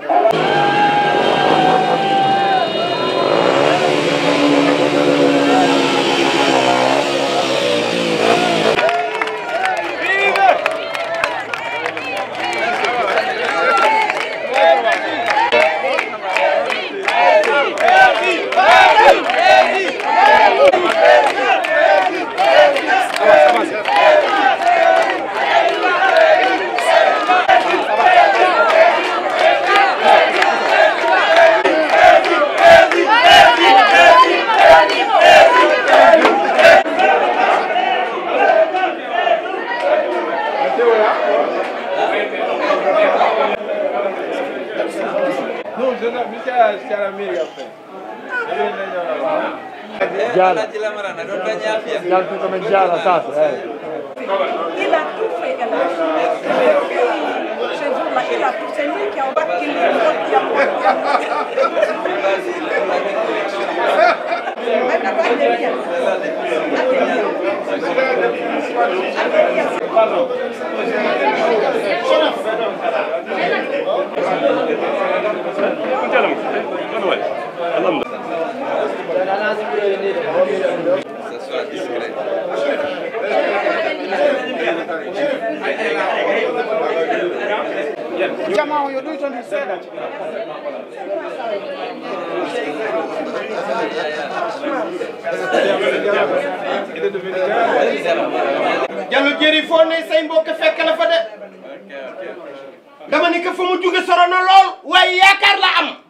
Thank you. Jala. Eh. Jala tu kama jala sasa eh. Ila tufe ela. Chez vous là, il a tout c'est lui qui a embarqué les autres qui a Pardon. Jangan huyo Duiton Huseda Jallo jëri foo ne say mbokk fekk ke fa de dama ni ko fa mu jóge soro na lool am